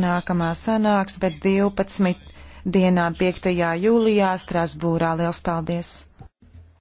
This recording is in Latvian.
Nākamā sanāks pēc 12 dienām 5. jūlijā Strasbūrā. Liels paldies!